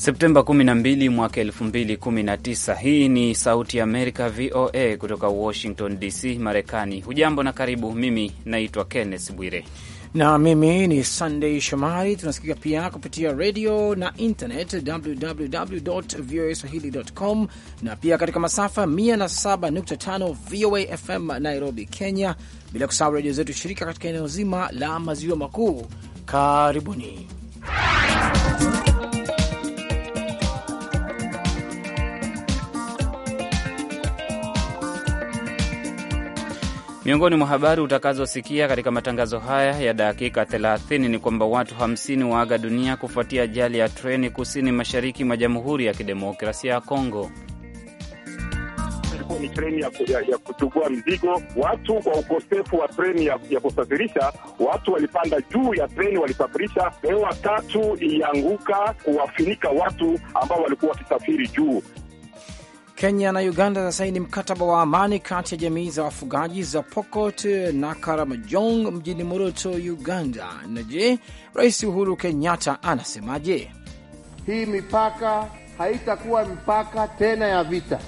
Septemba 12 mwaka 2019. Hii ni Sauti ya Amerika, VOA, kutoka Washington DC, Marekani. Hujambo na karibu. Mimi naitwa Kenneth Bwire na mimi ni Sunday Shomari. Tunasikika pia kupitia redio na internet www voa swahilicom, na pia katika masafa 107.5 VOA FM Nairobi, Kenya, bila kusahau redio zetu shirika katika eneo zima la maziwa makuu. Karibuni Miongoni mwa habari utakazosikia katika matangazo haya ya dakika 30 ni kwamba watu 50 waaga dunia kufuatia ajali ya treni kusini mashariki mwa Jamhuri ya Kidemokrasia ya Kongo. Ni treni ya, ya, ya mzigo. Watu kwa ukosefu wa treni ya, ya kusafirisha watu walipanda juu ya treni walisafirisha. Hewa tatu ilianguka kuwafinika watu ambao walikuwa wakisafiri juu. Kenya na Uganda zasaini mkataba wa amani kati ya jamii za wafugaji za Pokot na Karamojong mjini Moroto, Uganda. Na je, Rais Uhuru Kenyatta anasemaje? Hii mipaka haitakuwa mipaka tena ya vita,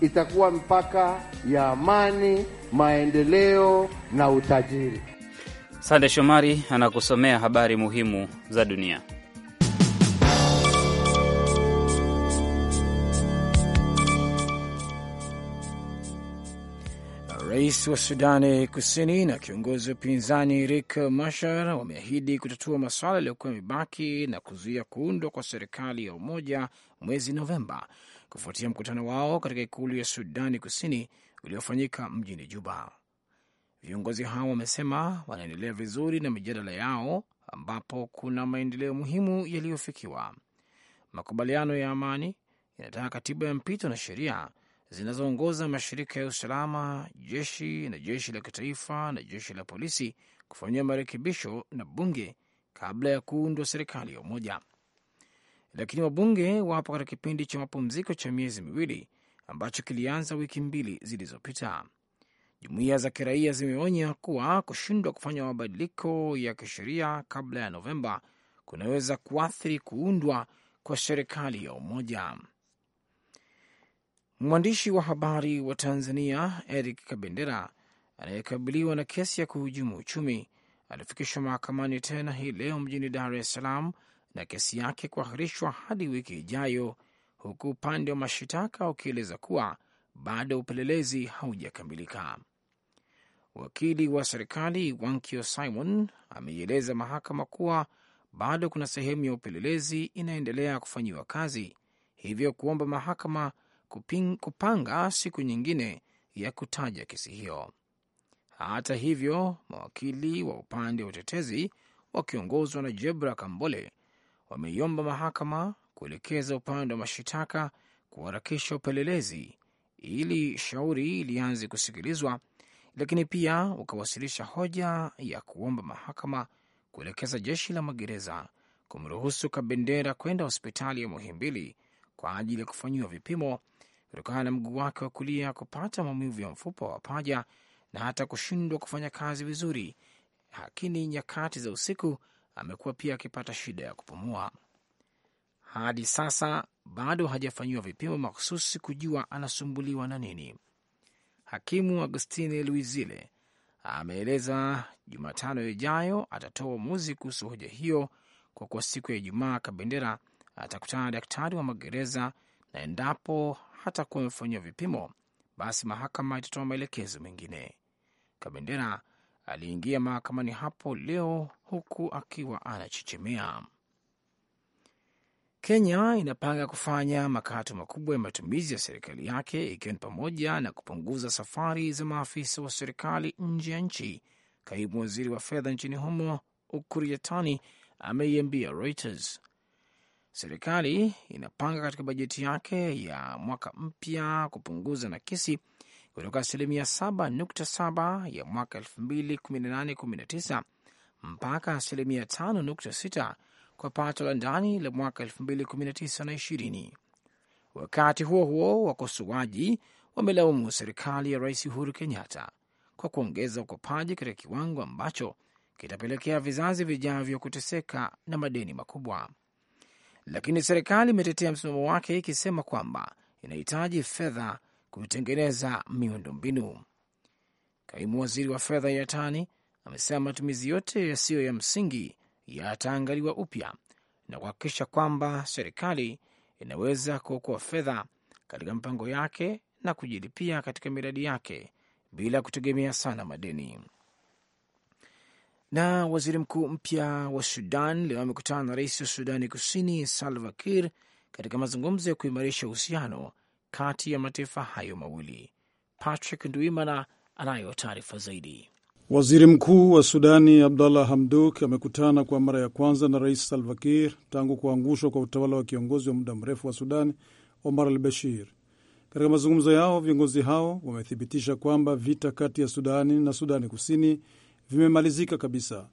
itakuwa mipaka ya amani, maendeleo na utajiri. Sande Shomari anakusomea habari muhimu za dunia. Rais wa Sudani Kusini na kiongozi wa upinzani rik mashar wameahidi kutatua masuala yaliyokuwa mibaki na kuzuia kuundwa kwa serikali ya umoja mwezi Novemba, kufuatia mkutano wao katika ikulu ya Sudani Kusini uliofanyika mjini Juba. Viongozi hao wamesema wanaendelea vizuri na mijadala yao, ambapo kuna maendeleo muhimu yaliyofikiwa. Makubaliano ya amani yanataka katiba ya mpito na sheria zinazoongoza mashirika ya usalama, jeshi na jeshi la kitaifa na jeshi la polisi kufanyia marekebisho na bunge kabla ya kuundwa serikali ya umoja. Lakini wabunge wapo katika kipindi cha mapumziko cha miezi miwili ambacho kilianza wiki mbili zilizopita. Jumuiya za kiraia zimeonya kuwa kushindwa kufanya mabadiliko ya kisheria kabla ya Novemba kunaweza kuathiri kuundwa kwa serikali ya umoja. Mwandishi wa habari wa Tanzania Eric Kabendera anayekabiliwa na kesi ya kuhujumu uchumi alifikishwa mahakamani tena hii leo mjini Dar es Salaam na kesi yake kuahirishwa hadi wiki ijayo, huku upande wa mashitaka ukieleza kuwa bado upelelezi haujakamilika. Wakili wa serikali Wankio Simon ameieleza mahakama kuwa bado kuna sehemu ya upelelezi inaendelea kufanyiwa kazi, hivyo kuomba mahakama kuping, kupanga siku nyingine ya kutaja kesi hiyo. Hata hivyo, mawakili wa upande wa utetezi wakiongozwa na Jebra Kambole wameiomba mahakama kuelekeza upande wa mashitaka kuharakisha upelelezi ili shauri ilianze kusikilizwa, lakini pia wakawasilisha hoja ya kuomba mahakama kuelekeza jeshi la magereza kumruhusu Kabendera kwenda hospitali ya Muhimbili kwa ajili ya kufanyiwa vipimo kutokana na mguu wake wa kulia kupata maumivu ya mfupa wa paja na hata kushindwa kufanya kazi vizuri, lakini nyakati za usiku amekuwa pia akipata shida ya kupumua. Hadi sasa bado hajafanyiwa vipimo mahususi kujua anasumbuliwa na nini. Hakimu Agustine Luizile ameeleza Jumatano ijayo atatoa uamuzi kuhusu hoja hiyo, kwa kuwa siku ya Ijumaa Kabendera atakutana na daktari wa magereza na endapo hatakuwa amefanyiwa vipimo, basi mahakama itatoa maelekezo mengine. Kabendera aliingia mahakamani hapo leo huku akiwa anachechemea. Kenya inapanga kufanya makato makubwa ya matumizi ya serikali yake ikiwa ni pamoja na kupunguza safari za maafisa wa serikali nje ya nchi. Kaimu waziri wa fedha nchini humo Ukur Yatani ameiambia Reuters Serikali inapanga katika bajeti yake ya mwaka mpya kupunguza nakisi kutoka asilimia 7.7 ya mwaka 2018/19 mpaka asilimia 5.6 kwa pato la ndani la mwaka 2019 na 20. Wakati huo huo, wakosoaji wamelaumu serikali ya Rais Uhuru Kenyatta kwa kuongeza ukopaji katika kiwango ambacho kitapelekea vizazi vijavyo kuteseka na madeni makubwa lakini serikali imetetea msimamo wake ikisema kwamba inahitaji fedha kutengeneza miundombinu. Kaimu waziri wa fedha Yatani amesema matumizi yote yasiyo ya msingi yataangaliwa upya na kuhakikisha kwamba serikali inaweza kuokoa fedha katika mipango yake na kujilipia katika miradi yake bila kutegemea sana madeni. Na waziri mkuu mpya wa Sudan leo amekutana na rais wa Sudani Kusini Salva Kiir katika mazungumzo ya kuimarisha uhusiano kati ya mataifa hayo mawili. Patrick Nduimana anayo taarifa zaidi. Waziri mkuu wa Sudani Abdallah Hamduk amekutana kwa mara ya kwanza na rais Salva Kiir tangu kuangushwa kwa utawala wa kiongozi wa muda mrefu wa Sudani Omar al Bashir. Katika mazungumzo yao, viongozi hao wamethibitisha kwamba vita kati ya Sudani na Sudani Kusini vimemalizika kabisa.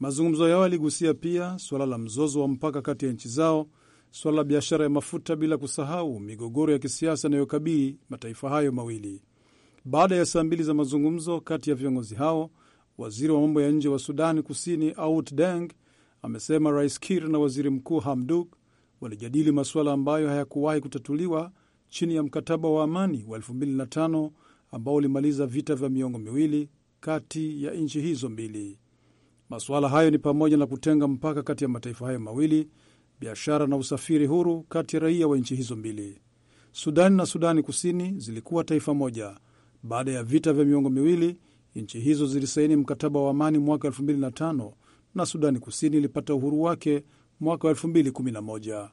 Mazungumzo yao yaligusia pia suala la mzozo wa mpaka kati ya nchi zao, suala la biashara ya mafuta, bila kusahau migogoro ya kisiasa yanayokabili mataifa hayo mawili. Baada ya saa mbili za mazungumzo kati ya viongozi hao, waziri wa mambo ya nje wa Sudani Kusini Aut Deng amesema Rais Kir na waziri mkuu Hamduk walijadili masuala ambayo hayakuwahi kutatuliwa chini ya mkataba wa amani wa 2005 ambao ulimaliza vita vya miongo miwili kati ya nchi hizo mbili. Masuala hayo ni pamoja na kutenga mpaka kati ya mataifa hayo mawili, biashara na usafiri huru kati ya raia wa nchi hizo mbili. Sudani na Sudani Kusini zilikuwa taifa moja. Baada ya vita vya miongo miwili, nchi hizo zilisaini mkataba wa amani mwaka 2005 na Sudani Kusini ilipata uhuru wake mwaka 2011.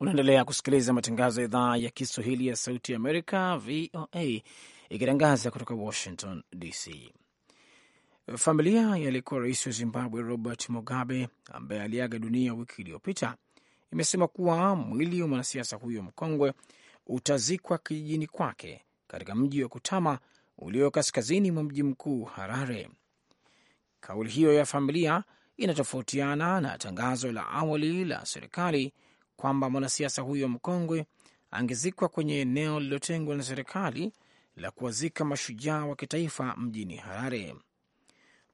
Unaendelea kusikiliza matangazo ya idhaa ya Kiswahili ya Sauti ya Amerika, VOA ikitangaza kutoka Washington DC. Familia yalikuwa rais wa Zimbabwe Robert Mugabe ambaye aliaga dunia wiki iliyopita imesema kuwa mwili wa mwanasiasa huyo mkongwe utazikwa kijijini kwake katika mji wa Kutama ulio kaskazini mwa mji mkuu Harare. Kauli hiyo ya familia inatofautiana na tangazo la awali la serikali kwamba mwanasiasa huyo mkongwe angezikwa kwenye eneo lililotengwa na serikali la kuwazika mashujaa wa kitaifa mjini Harare.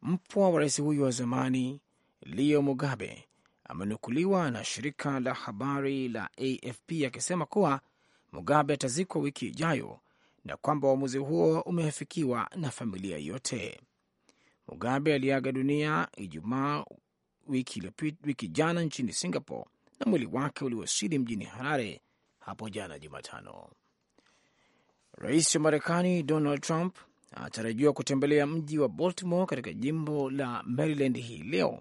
Mpwa wa rais huyu wa zamani Leo Mugabe amenukuliwa na shirika la habari la AFP akisema kuwa Mugabe atazikwa wiki ijayo na kwamba uamuzi huo umeafikiwa na familia yote. Mugabe aliaga dunia Ijumaa wiki, wiki jana nchini Singapore na mwili wake uliwasili mjini Harare hapo jana Jumatano. Rais wa Marekani Donald Trump anatarajiwa kutembelea mji wa Baltimore katika jimbo la Maryland hii leo,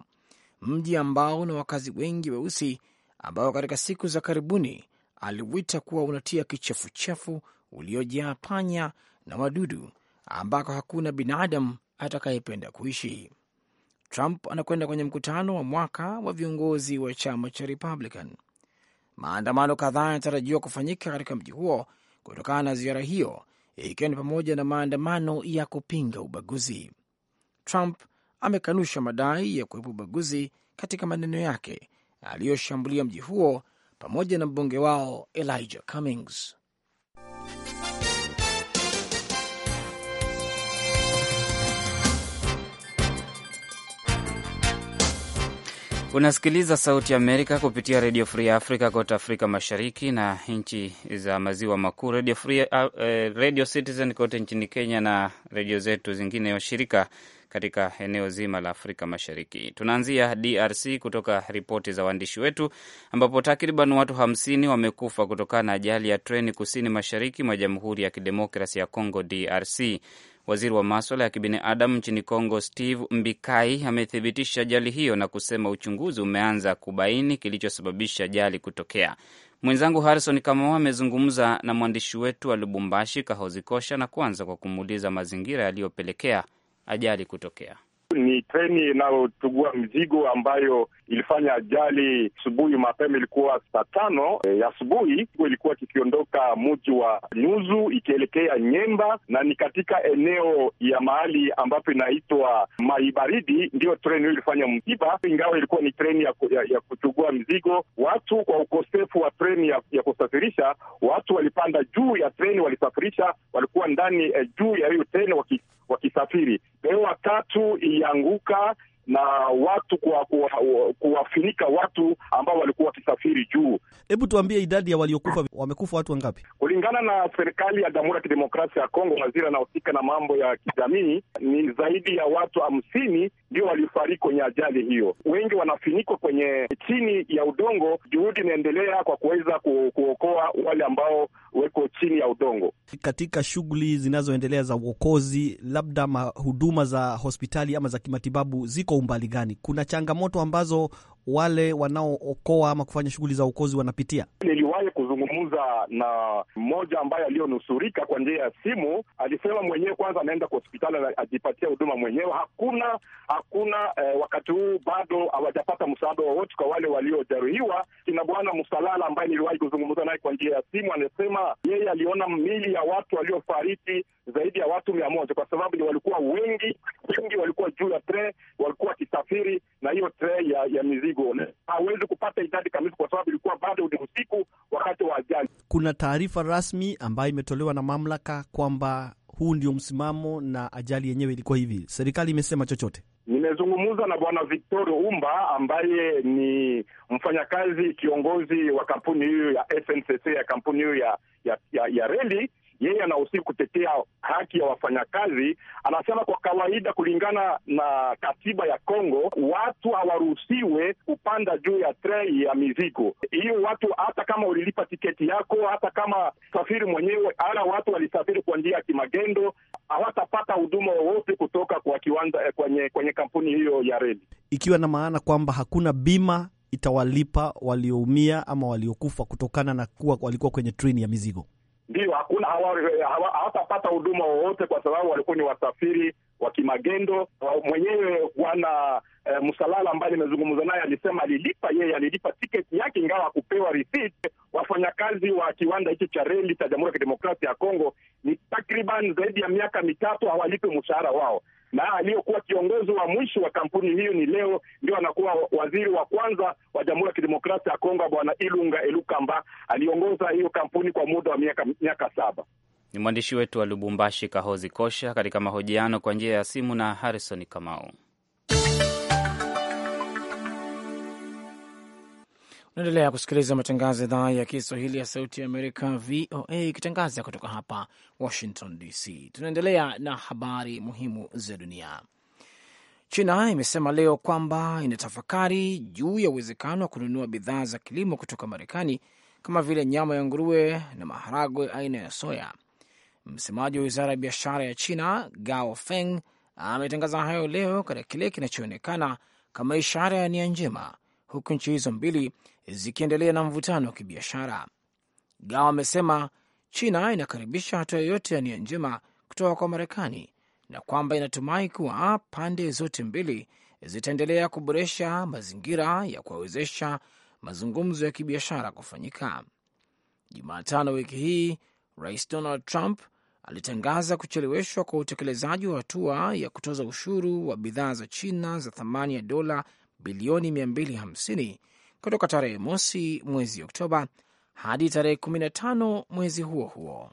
mji ambao una wakazi wengi weusi ambao katika siku za karibuni aliwita kuwa unatia kichefuchefu uliojaa panya na wadudu ambako hakuna binadamu atakayependa kuishi. Trump anakwenda kwenye mkutano wa mwaka wa viongozi wa chama cha Republican. Maandamano kadhaa yanatarajiwa kufanyika katika mji huo kutokana na ziara hiyo, ikiwa ni pamoja na maandamano ya kupinga ubaguzi. Trump amekanusha madai ya kuwepo ubaguzi katika maneno yake aliyoshambulia mji huo pamoja na mbunge wao Elijah Cummings. Unasikiliza Sauti ya Amerika kupitia Redio Free Africa kote Afrika Mashariki na nchi za maziwa makuu, Radio Free, uh, eh, Radio Citizen kote nchini Kenya na redio zetu zingine washirika katika eneo zima la Afrika Mashariki. Tunaanzia DRC kutoka ripoti za waandishi wetu, ambapo takriban watu hamsini wamekufa kutokana na ajali ya treni kusini mashariki mwa Jamhuri ya Kidemokrasi ya congo DRC. Waziri wa maswala ya kibinadamu nchini congo Steve Mbikai, amethibitisha ajali hiyo na kusema uchunguzi umeanza kubaini kilichosababisha ajali kutokea. Mwenzangu Harrison Kamau amezungumza na mwandishi wetu wa Lubumbashi, Kahozi Kosha, na kuanza kwa kumuuliza mazingira yaliyopelekea ajali kutokea ni treni inayotugua mzigo ambayo ilifanya ajali asubuhi mapema, ilikuwa saa tano e, ya asubuhi. Ilikuwa kikiondoka mji wa Nyuzu ikielekea Nyemba, na ni katika eneo ya mahali ambapo inaitwa Maibaridi ndiyo treni hiyo ilifanya msiba, ingawa ilikuwa ni treni ya, ya, ya kuchugua mzigo. Watu kwa ukosefu wa treni ya, ya kusafirisha, watu walipanda juu ya treni, walisafirisha, walikuwa ndani eh, juu ya hiyo treni waki wakisafiri. Hewa tatu ilianguka na watu kuwa, kuwa, kuwafinika watu ambao walikuwa wakisafiri juu. Hebu tuambie idadi ya waliokufa, wamekufa watu wangapi? Kulingana na serikali ya Jamhuri ya Kidemokrasia ya Kongo, waziri anahusika na mambo ya kijamii, ni zaidi ya watu hamsini ndio waliofariki kwenye ajali hiyo. Wengi wanafinikwa kwenye chini ya udongo. Juhudi inaendelea kwa kuweza ku, kuokoa wale ambao weko chini ya udongo. Katika shughuli zinazoendelea za uokozi, labda huduma za hospitali ama za kimatibabu ziko umbali gani? Kuna changamoto ambazo wale wanaookoa ama kufanya shughuli za uokozi wanapitia? Niliwahi kuzungumza na mmoja ambaye aliyonusurika kwa njia ya simu, alisema mwenyewe kwanza anaenda kwa hospitali ajipatia huduma mwenyewe. Hakuna hakuna eh, wakati huu bado hawajapata msaada wowote kwa wale waliojeruhiwa. Kina Bwana Msalala ambaye niliwahi kuzungumza naye kwa njia ya simu, anasema yeye aliona mili ya watu waliofariki zaidi ya watu mia moja kwa sababu walikuwa wengi wengi, walikuwa juu ya tre, walikuwa wakisafiri na hiyo tre ya, ya mizigo mzigo, hawezi kupata idadi kamili kwa sababu ilikuwa bado ni usiku wakati wa ajali. Kuna taarifa rasmi ambayo imetolewa na mamlaka kwamba huu ndio msimamo na ajali yenyewe ilikuwa hivi. Serikali imesema chochote? Nimezungumza na Bwana Victorio Umba ambaye ni mfanyakazi kiongozi wa kampuni hiyo ya SNCC ya kampuni hiyo ya, ya, ya, ya reli yeye anahusika kutetea haki ya wafanyakazi. Anasema kwa kawaida, kulingana na katiba ya Kongo, watu hawaruhusiwe kupanda juu ya trei ya mizigo hiyo. Watu hata kama ulilipa tiketi yako, hata kama safiri mwenyewe, ala, watu walisafiri kwa njia ya kimagendo, hawatapata huduma wowote kutoka kwa kiwanda eh, kwenye, kwenye kampuni hiyo ya reli, ikiwa na maana kwamba hakuna bima itawalipa walioumia ama waliokufa kutokana na kuwa walikuwa kwenye treni ya mizigo. Ndiyo, hakuna hawatapata huduma wowote kwa sababu walikuwa ni wasafiri wa kimagendo. Mwenyewe bwana e, eh, Msalala ambaye nimezungumza naye alisema alilipa yeye, alilipa tiketi yake ingawa akupewa receipt. Wafanyakazi wa kiwanda hicho cha reli cha Jamhuri ya Kidemokrasia ya Kongo ni takriban zaidi ya miaka mitatu hawalipi mshahara wao na aliyokuwa kiongozi wa mwisho wa kampuni hiyo ni leo ndio anakuwa waziri wa kwanza wa Jamhuri ya Kidemokrasia ya Kongo, Bwana Ilunga Elukamba. Aliongoza hiyo kampuni kwa muda wa miaka miaka saba. Ni mwandishi wetu wa Lubumbashi, Kahozi Kosha, katika mahojiano kwa njia ya simu na Harrison Kamau. Naendelea kusikiliza matangazo ya idhaa ya Kiswahili ya Sauti ya Amerika, VOA, ikitangaza kutoka hapa Washington DC. Tunaendelea na habari muhimu za dunia. China imesema leo kwamba inatafakari juu ya uwezekano wa kununua bidhaa za kilimo kutoka Marekani kama vile nyama ya nguruwe na maharagwe aina ya soya. Msemaji wa wizara ya biashara ya China Gao Feng ametangaza hayo leo katika kile kinachoonekana kama ishara ya nia njema, huku nchi hizo mbili zikiendelea na mvutano wa kibiashara. Gao amesema China inakaribisha hatua yoyote ya nia njema kutoka kwa Marekani na kwamba inatumai kuwa pande zote mbili zitaendelea kuboresha mazingira ya kuwawezesha mazungumzo ya kibiashara kufanyika. Jumatano wiki hii, Rais Donald Trump alitangaza kucheleweshwa kwa utekelezaji wa hatua ya kutoza ushuru wa bidhaa za China za thamani ya dola bilioni 250 kutoka tarehe mosi mwezi Oktoba hadi tarehe 15 mwezi huo huo.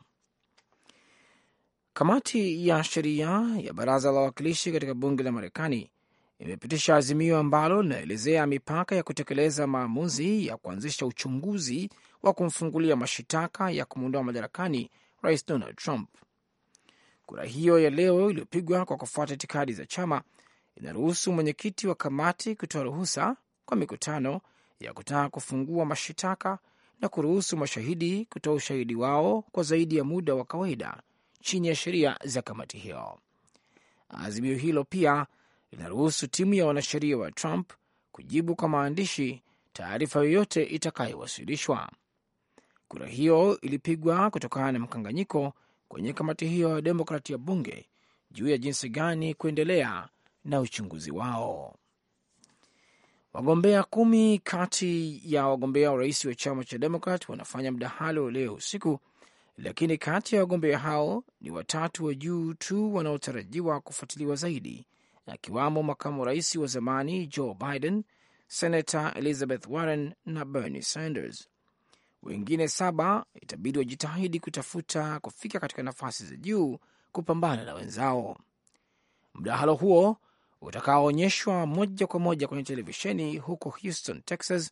Kamati ya sheria ya baraza la wawakilishi katika bunge la Marekani imepitisha azimio ambalo linaelezea mipaka ya kutekeleza maamuzi ya kuanzisha uchunguzi wa kumfungulia mashitaka ya kumwondoa madarakani rais Donald Trump. Kura hiyo ya leo iliyopigwa kwa kufuata itikadi za chama inaruhusu mwenyekiti wa kamati kutoa ruhusa kwa mikutano ya kutaka kufungua mashitaka na kuruhusu mashahidi kutoa ushahidi wao kwa zaidi ya muda wa kawaida chini ya sheria za kamati hiyo. Azimio hilo pia linaruhusu timu ya wanasheria wa Trump kujibu kwa maandishi taarifa yoyote itakayowasilishwa. Kura hiyo ilipigwa kutokana na mkanganyiko kwenye kamati hiyo ya Demokrati ya bunge juu ya jinsi gani kuendelea na uchunguzi wao. Wagombea kumi kati ya wagombea urais wa chama cha Demokrat wanafanya mdahalo leo usiku, lakini kati ya wagombea hao ni watatu wa juu tu wanaotarajiwa kufuatiliwa zaidi, akiwamo makamu rais wa zamani Joe Biden, senata Elizabeth Warren na Bernie Sanders. Wengine saba itabidi wajitahidi kutafuta kufika katika nafasi za juu kupambana na wenzao. Mdahalo huo utakaoonyeshwa moja kwa moja kwenye televisheni huko Houston, Texas,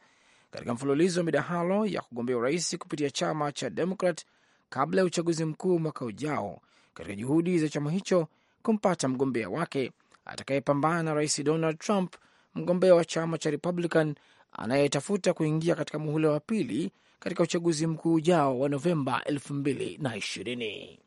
katika mfululizo wa midahalo ya kugombea urais kupitia chama cha Demokrat kabla ya uchaguzi mkuu mwaka ujao, katika juhudi za chama hicho kumpata mgombea wake atakayepambana na rais Donald Trump, mgombea wa chama cha Republican anayetafuta kuingia katika muhula wa pili katika uchaguzi mkuu ujao wa Novemba 220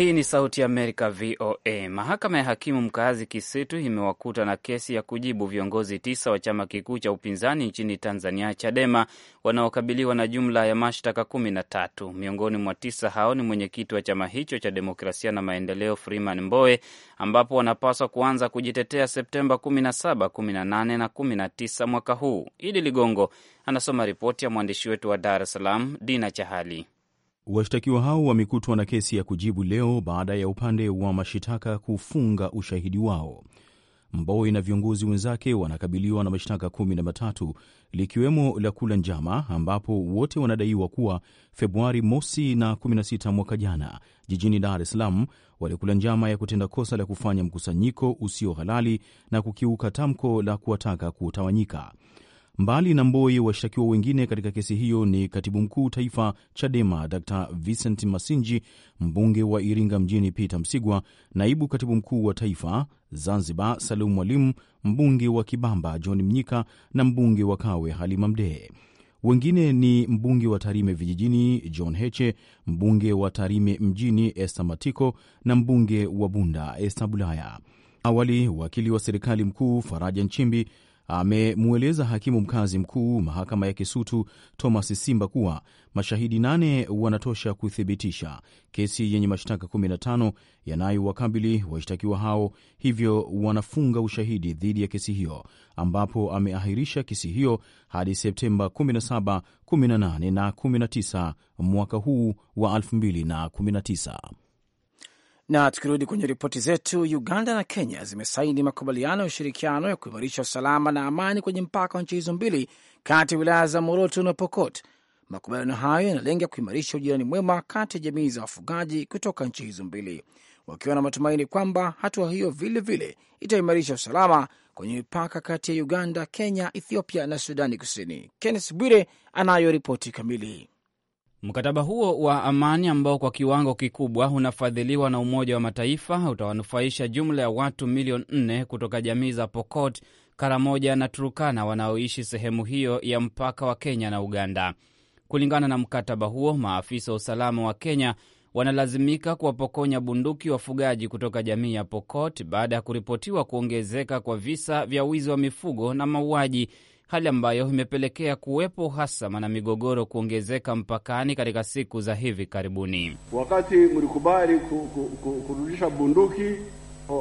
Hii ni Sauti ya Amerika, VOA. Mahakama ya hakimu mkazi Kisitu imewakuta na kesi ya kujibu viongozi tisa wa chama kikuu cha upinzani nchini Tanzania, CHADEMA, wanaokabiliwa na jumla ya mashtaka kumi na tatu. Miongoni mwa tisa hao ni mwenyekiti wa chama hicho cha Demokrasia na Maendeleo, Freeman Mbowe, ambapo wanapaswa kuanza kujitetea Septemba 17, 18 na 19 mwaka huu. Idi Ligongo anasoma ripoti ya mwandishi wetu wa Dar es Salaam, Dina Chahali. Washtakiwa hao wamekutwa na kesi ya kujibu leo baada ya upande wa mashitaka kufunga ushahidi wao. Mboi na viongozi wenzake wanakabiliwa na mashtaka kumi na matatu likiwemo la kula njama, ambapo wote wanadaiwa kuwa Februari mosi na 16 mwaka jana jijini Dar es Salaam walikula njama ya kutenda kosa la kufanya mkusanyiko usio halali na kukiuka tamko la kuwataka kutawanyika. Mbali na Mboi, washtakiwa wengine katika kesi hiyo ni katibu mkuu taifa Chadema Dr Vincent Masinji, mbunge wa Iringa Mjini Peter Msigwa, naibu katibu mkuu wa taifa Zanzibar Salum Mwalimu, mbunge wa Kibamba John Mnyika na mbunge wa Kawe Halima Mdee. Wengine ni mbunge wa Tarime Vijijini John Heche, mbunge wa Tarime Mjini Esther Matiko na mbunge wa Bunda Esther Bulaya. Awali wakili wa serikali mkuu Faraja Nchimbi amemweleza hakimu mkazi mkuu mahakama ya Kisutu Thomas Simba kuwa mashahidi nane wanatosha kuthibitisha kesi yenye mashtaka 15 yanayowakabili washtakiwa hao, hivyo wanafunga ushahidi dhidi ya kesi hiyo, ambapo ameahirisha kesi hiyo hadi Septemba 17, 18 na 19 mwaka huu wa 2019. Na tukirudi kwenye ripoti zetu, Uganda na Kenya zimesaini makubaliano ya ushirikiano ya kuimarisha usalama na amani kwenye mpaka wa nchi hizo mbili kati ya wilaya za Moroto na Pokot. Makubaliano hayo yanalenga kuimarisha ujirani mwema kati ya jamii za wafugaji kutoka nchi hizo mbili, wakiwa na matumaini kwamba hatua hiyo vilevile itaimarisha usalama kwenye mipaka kati ya Uganda, Kenya, Ethiopia na Sudani Kusini. Kenneth Bwire anayo ripoti kamili. Mkataba huo wa amani ambao kwa kiwango kikubwa unafadhiliwa na Umoja wa Mataifa utawanufaisha jumla ya watu milioni nne kutoka jamii za Pokot, Karamoja na Turukana wanaoishi sehemu hiyo ya mpaka wa Kenya na Uganda. Kulingana na mkataba huo, maafisa wa usalama wa Kenya wanalazimika kuwapokonya bunduki wafugaji kutoka jamii ya Pokot baada ya kuripotiwa kuongezeka kwa visa vya wizi wa mifugo na mauaji hali ambayo imepelekea kuwepo uhasama na migogoro kuongezeka mpakani katika siku za hivi karibuni. Wakati mlikubali ku, ku, ku, kurudisha bunduki,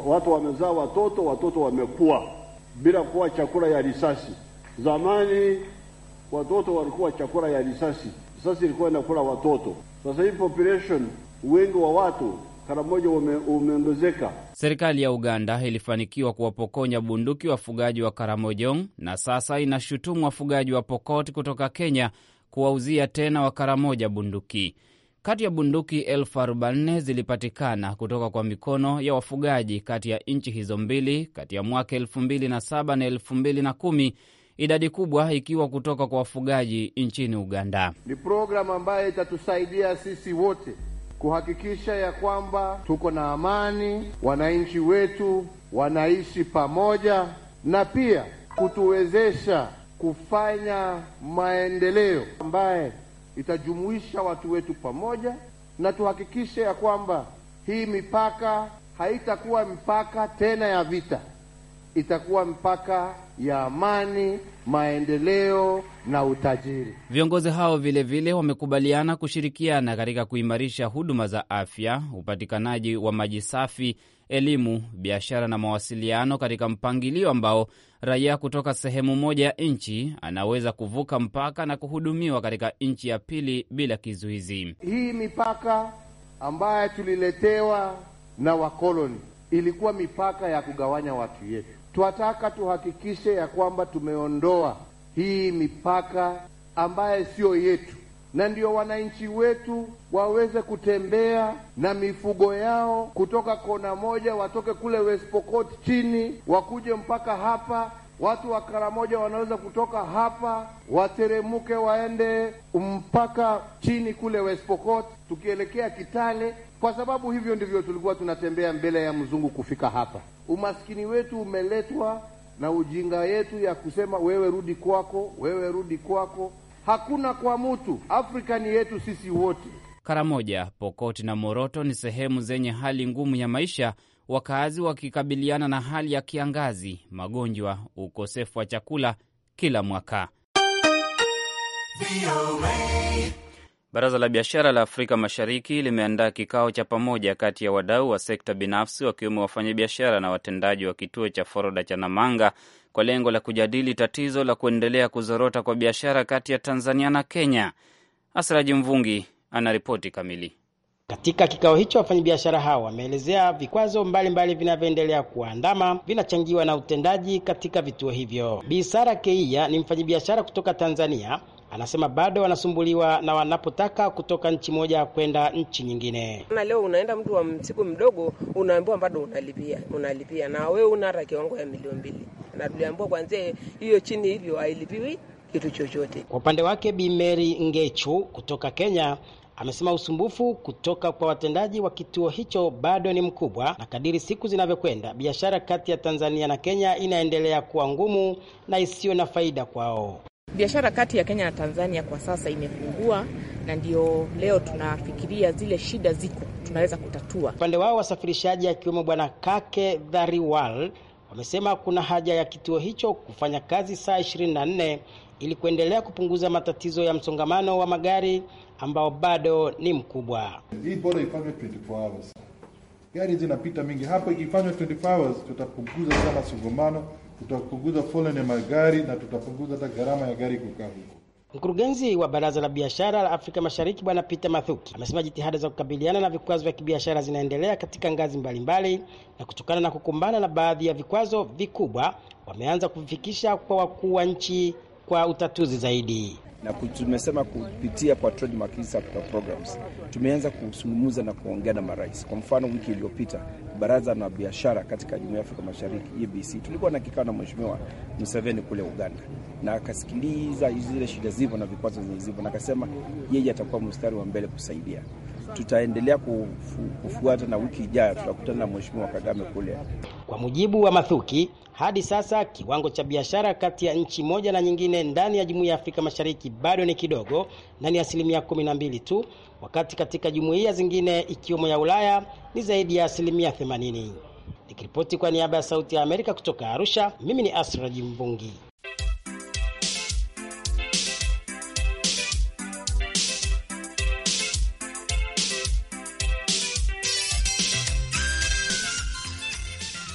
watu wamezaa watoto, watoto wamekuwa bila kuwa chakula ya risasi. Zamani watoto walikuwa chakula ya risasi, risasi ilikuwa inakula watoto. Sasa hii population, wengi wa watu, moja umeongezeka ume Serikali ya Uganda ilifanikiwa kuwapokonya bunduki wafugaji wa Karamojong na sasa inashutumu wafugaji wa Pokot kutoka Kenya kuwauzia tena Wakaramoja bunduki. Kati ya bunduki elfu arobaini zilipatikana kutoka kwa mikono ya wafugaji kati ya nchi hizo mbili kati ya mwaka 27 na saba idadi kubwa ikiwa kutoka kwa wafugaji nchini Uganda. Ni programu ambayo itatusaidia sisi wote kuhakikisha ya kwamba tuko na amani, wananchi wetu wanaishi pamoja, na pia kutuwezesha kufanya maendeleo ambaye itajumuisha watu wetu pamoja, na tuhakikishe ya kwamba hii mipaka haitakuwa mipaka tena ya vita itakuwa mpaka ya amani, maendeleo na utajiri. Viongozi hao vilevile vile wamekubaliana kushirikiana katika kuimarisha huduma za afya, upatikanaji wa maji safi, elimu, biashara na mawasiliano katika mpangilio ambao raia kutoka sehemu moja ya nchi anaweza kuvuka mpaka na kuhudumiwa katika nchi ya pili bila kizuizi. Hii mipaka ambayo tuliletewa na wakoloni ilikuwa mipaka ya kugawanya watu yetu Twataka tuhakikishe ya kwamba tumeondoa hii mipaka ambaye siyo yetu, na ndio wananchi wetu waweze kutembea na mifugo yao kutoka kona moja, watoke kule West Pokot chini wakuje mpaka hapa Watu wa Karamoja wanaweza kutoka hapa wateremuke waende mpaka chini kule West Pokot, tukielekea Kitale, kwa sababu hivyo ndivyo tulikuwa tunatembea mbele ya mzungu kufika hapa. Umaskini wetu umeletwa na ujinga yetu ya kusema wewe rudi kwako, wewe rudi kwako. Hakuna kwa mtu. Afrika ni yetu sisi wote. Karamoja, Pokoti na Moroto ni sehemu zenye hali ngumu ya maisha wakazi wakikabiliana na hali ya kiangazi, magonjwa, ukosefu wa chakula kila mwaka. Baraza la Biashara la Afrika Mashariki limeandaa kikao cha pamoja kati ya wadau wa sekta binafsi wakiwemo wafanyabiashara na watendaji wa kituo cha forodha cha Namanga kwa lengo la kujadili tatizo la kuendelea kuzorota kwa biashara kati ya Tanzania na Kenya. Asraji Mvungi anaripoti kamili. Katika kikao hicho wafanyabiashara hao wameelezea vikwazo mbalimbali vinavyoendelea kuandama vinachangiwa na utendaji katika vituo hivyo. Bi Sara Keia ni mfanyabiashara kutoka Tanzania, anasema bado wanasumbuliwa na wanapotaka kutoka nchi moja kwenda nchi nyingine. Na leo unaenda mtu wa mzigo mdogo, unaambiwa bado unalipia unalipia, na wewe una hata kiwango ya milioni mbili, na tuliambiwa kwanzia hiyo chini hivyo hailipiwi kitu chochote. Kwa upande wake Bi Mary Ngechu kutoka Kenya amesema usumbufu kutoka kwa watendaji wa kituo hicho bado ni mkubwa, na kadiri siku zinavyokwenda, biashara kati ya Tanzania na Kenya inaendelea kuwa ngumu na isiyo na faida kwao. Biashara kati ya Kenya na Tanzania kwa sasa imepungua, na ndio leo tunafikiria zile shida ziko tunaweza kutatua. Upande wao wasafirishaji, akiwemo Bwana Kake Dhariwal, wamesema kuna haja ya kituo hicho kufanya kazi saa 24 ili kuendelea kupunguza matatizo ya msongamano wa magari ambao bado ni mkubwa. Hii bora ifanywe 24 hours, gari zinapita mingi hapo. Ikifanywa 24 hours, tutapunguza sana songomano, tutapunguza foleni ya magari na tutapunguza hata gharama ya gari kukaa huko. Mkurugenzi wa Baraza la Biashara la Afrika Mashariki Bwana Peter Mathuki amesema jitihada za kukabiliana na vikwazo vya kibiashara zinaendelea katika ngazi mbalimbali mbali, na kutokana na kukumbana na baadhi ya vikwazo vikubwa wameanza kuvifikisha kwa wakuu wa nchi kwa utatuzi zaidi na tumesema kupitia kwa trademark programs tumeanza kuzungumza na kuongea na marais. Kwa mfano, wiki iliyopita baraza la biashara katika jumuiya ya Afrika Mashariki EBC tulikuwa na kikao na mheshimiwa Museveni kule Uganda, na akasikiliza zile shida zipo na vikwazo zenye zipo, na akasema yeye atakuwa mstari wa mbele kusaidia. Tutaendelea kufu, kufuata na wiki ijayo tutakutana na mheshimiwa Kagame kule. Kwa mujibu wa Mathuki, hadi sasa kiwango cha biashara kati ya nchi moja na nyingine ndani ya Jumuiya ya Afrika Mashariki bado ni kidogo na ni asilimia mbili tu, wakati katika jumuiya zingine ikiwemo ya Ulaya ni zaidi ya asilimia 80. Nikiripoti kwa niaba ya Sauti ya Amerika kutoka Arusha, mimi ni Asra Jimbungi.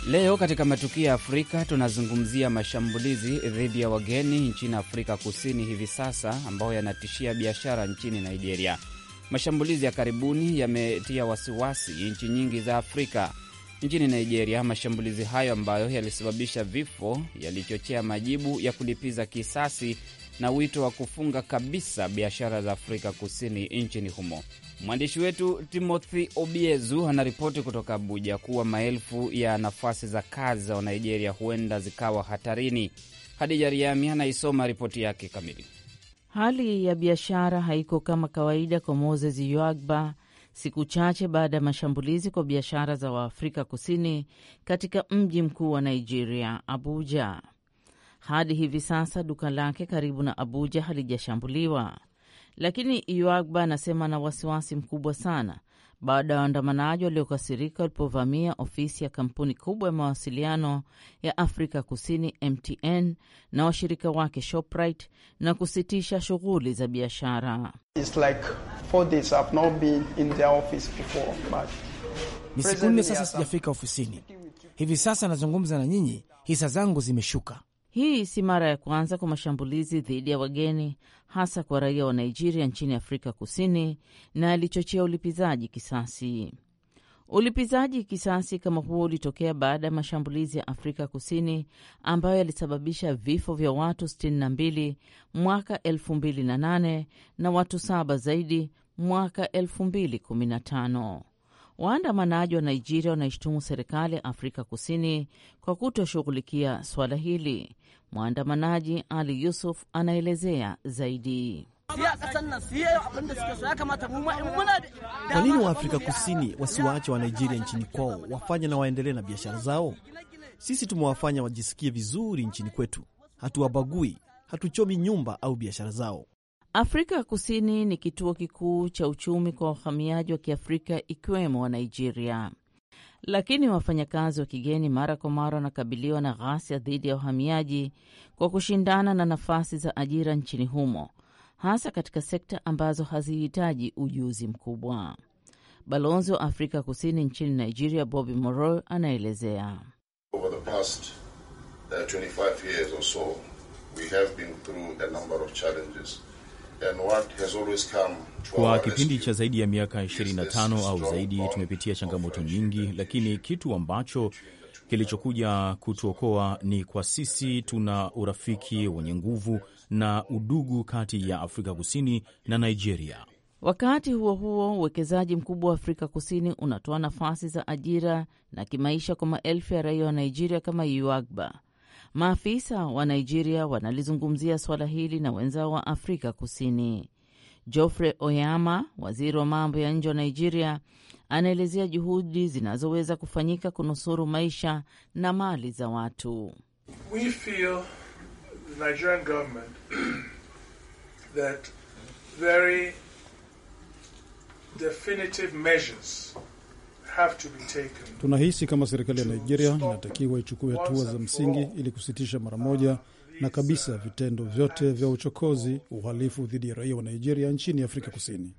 Leo katika matukio ya Afrika tunazungumzia mashambulizi dhidi ya wageni nchini Afrika Kusini hivi sasa ambayo yanatishia biashara nchini Nigeria. Mashambulizi ya karibuni yametia wasiwasi nchi nyingi za Afrika. Nchini Nigeria, mashambulizi hayo ambayo yalisababisha vifo yalichochea majibu ya kulipiza kisasi na wito wa kufunga kabisa biashara za Afrika Kusini nchini humo. Mwandishi wetu Timothy Obiezu anaripoti kutoka Abuja kuwa maelfu ya nafasi za kazi za Wanigeria huenda zikawa hatarini. Hadija Riami anaisoma ripoti yake kamili. Hali ya biashara haiko kama kawaida kwa Moses Yuagba siku chache baada ya mashambulizi kwa biashara za Waafrika Kusini katika mji mkuu wa Nigeria, Abuja. Hadi hivi sasa duka lake karibu na Abuja halijashambuliwa, lakini Yuagba anasema na wasiwasi mkubwa sana baada ya waandamanaji waliokasirika walipovamia ofisi ya kampuni kubwa ya mawasiliano ya Afrika Kusini MTN na washirika wake Shoprite na kusitisha shughuli za biashara. Ni siku nne sasa sijafika ofisini. Hivi sasa nazungumza na nyinyi, hisa zangu zimeshuka. Hii si mara ya kwanza kwa mashambulizi dhidi ya wageni, hasa kwa raia wa Nigeria nchini Afrika Kusini, na alichochea ulipizaji kisasi. Ulipizaji kisasi kama huo ulitokea baada ya mashambulizi ya Afrika Kusini ambayo yalisababisha vifo vya watu 62 mwaka 2008 na watu saba zaidi mwaka 2015. Waandamanaji wa Nigeria wanaishtumu serikali ya Afrika Kusini kwa kutoshughulikia swala hili. Mwandamanaji Ali Yusuf anaelezea zaidi. Kwa nini Waafrika Kusini wasiwaache wa Nigeria nchini kwao wafanye na waendelee na biashara zao? Sisi tumewafanya wajisikie vizuri nchini kwetu, hatuwabagui, hatuchomi nyumba au biashara zao. Afrika ya Kusini ni kituo kikuu cha uchumi kwa wahamiaji wa Kiafrika ikiwemo wa Nigeria, lakini wafanyakazi wa kigeni mara kwa mara wanakabiliwa na ghasia dhidi ya wahamiaji kwa kushindana na nafasi za ajira nchini humo, hasa katika sekta ambazo hazihitaji ujuzi mkubwa. Balozi wa Afrika Kusini nchini Nigeria, Bobby Moro, anaelezea so, kwa kipindi cha zaidi ya miaka 25 au zaidi tumepitia changamoto nyingi, lakini kitu ambacho kilichokuja kutuokoa ni kwa sisi tuna urafiki wenye nguvu na udugu kati ya Afrika Kusini na Nigeria. Wakati huo huo, uwekezaji mkubwa wa Afrika Kusini unatoa nafasi za ajira na kimaisha kwa maelfu ya raia wa Nigeria kama Yuagba Maafisa wa Nigeria wanalizungumzia suala hili na wenzao wa Afrika Kusini. Geoffrey Oyama, waziri wa mambo ya nje wa Nigeria, anaelezea juhudi zinazoweza kufanyika kunusuru maisha na mali za watu. We feel the Nigerian government that very definitive measures Tunahisi kama serikali ya Nigeria inatakiwa ichukue hatua za msingi ili kusitisha mara moja na kabisa vitendo vyote vya uchokozi, uhalifu dhidi ya raia wa Nigeria nchini Afrika Kusini.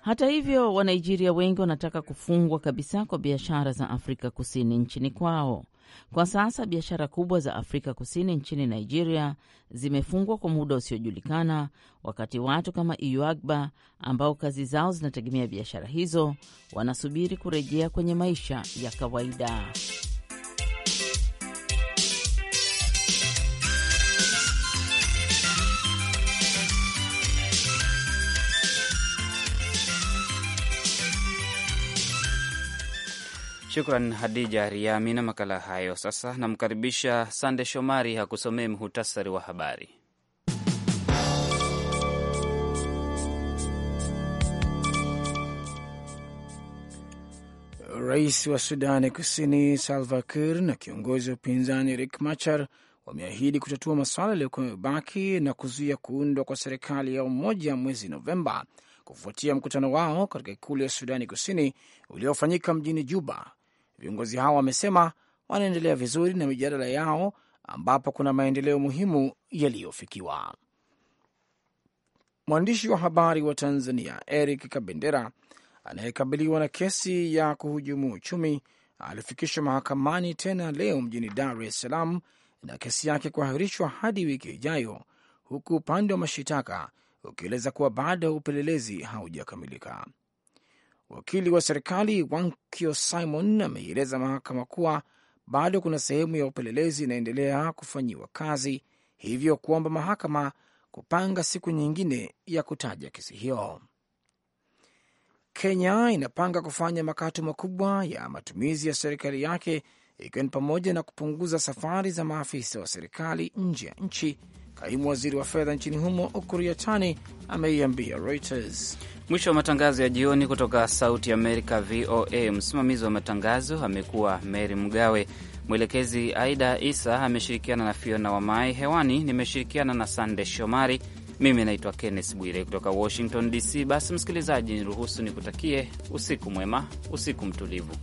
Hata hivyo, Wanigeria wengi wanataka kufungwa kabisa kwa biashara za Afrika Kusini nchini kwao. Kwa sasa biashara kubwa za Afrika Kusini nchini Nigeria zimefungwa kwa muda usiojulikana, wakati watu kama iuagba ambao kazi zao zinategemea biashara hizo wanasubiri kurejea kwenye maisha ya kawaida. Shukran Hadija Riami na makala hayo. Sasa namkaribisha Sande Shomari akusomee muhutasari wa habari. Rais wa Sudani Kusini Salva Kir na kiongozi wa upinzani rik Machar wameahidi kutatua masuala yaliyokuwa yamebaki na kuzuia kuundwa kwa serikali ya umoja mwezi Novemba kufuatia mkutano wao katika ikulu ya Sudani Kusini uliofanyika mjini Juba Viongozi hao wamesema wanaendelea vizuri na mijadala yao ambapo kuna maendeleo muhimu yaliyofikiwa. Mwandishi wa habari wa Tanzania Eric Kabendera anayekabiliwa na kesi ya kuhujumu uchumi alifikishwa mahakamani tena leo mjini Dar es Salaam na kesi yake kuahirishwa hadi wiki ijayo, huku upande wa mashitaka ukieleza kuwa bado upelelezi haujakamilika. Wakili wa serikali Wankio Simon ameieleza mahakama kuwa bado kuna sehemu ya upelelezi inaendelea kufanyiwa kazi, hivyo kuomba mahakama kupanga siku nyingine ya kutaja kesi hiyo. Kenya inapanga kufanya makato makubwa ya matumizi ya serikali yake ikiwa ni pamoja na kupunguza safari za maafisa wa serikali nje ya nchi. Kaimu waziri wa fedha nchini humo Ukur Yatani ameiambia Reuters. Mwisho wa matangazo ya jioni kutoka Sauti Amerika, VOA. Msimamizi wa matangazo amekuwa Mary Mgawe, mwelekezi Aida Isa ameshirikiana na Fiona Wamai. Hewani nimeshirikiana na Sande Shomari. Mimi naitwa Kenneth Bwire kutoka Washington DC. Basi msikilizaji, niruhusu nikutakie usiku mwema, usiku mtulivu.